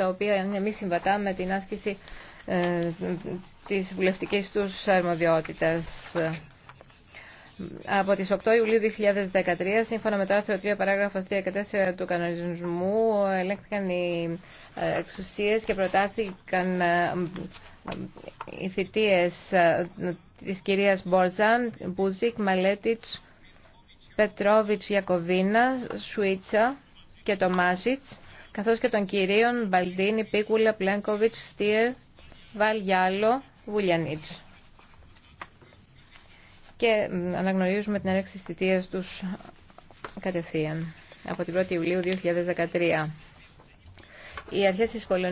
τα οποία είναι μη συμβατά με την άσκηση ε, της βουλευτικής τους αρμοδιότητας. Από τις 8 Ιουλίου 2013, σύμφωνα με το άρθρο 3, παράγραφο 3 και 4 του κανονισμού, ελέγχθηκαν οι ε, εξουσίες και προτάθηκαν ε, οι θητείες της κυρίας Μπόρζαν, Μπούζικ, Μαλέτιτς, Πετρόβιτς, Γιακοβίνα, Σουίτσα και Τομάζιτς καθώς και των κυρίων Μπαλντίνη, Πίκουλα, Πλένκοβιτς, Στίερ, Βαλγιάλο, Βουλιανίτς. Και αναγνωρίζουμε την έλεξη της θητείας τους κατευθείαν από την 1η Ιουλίου 2013. Οι αρχές της Πολωνίας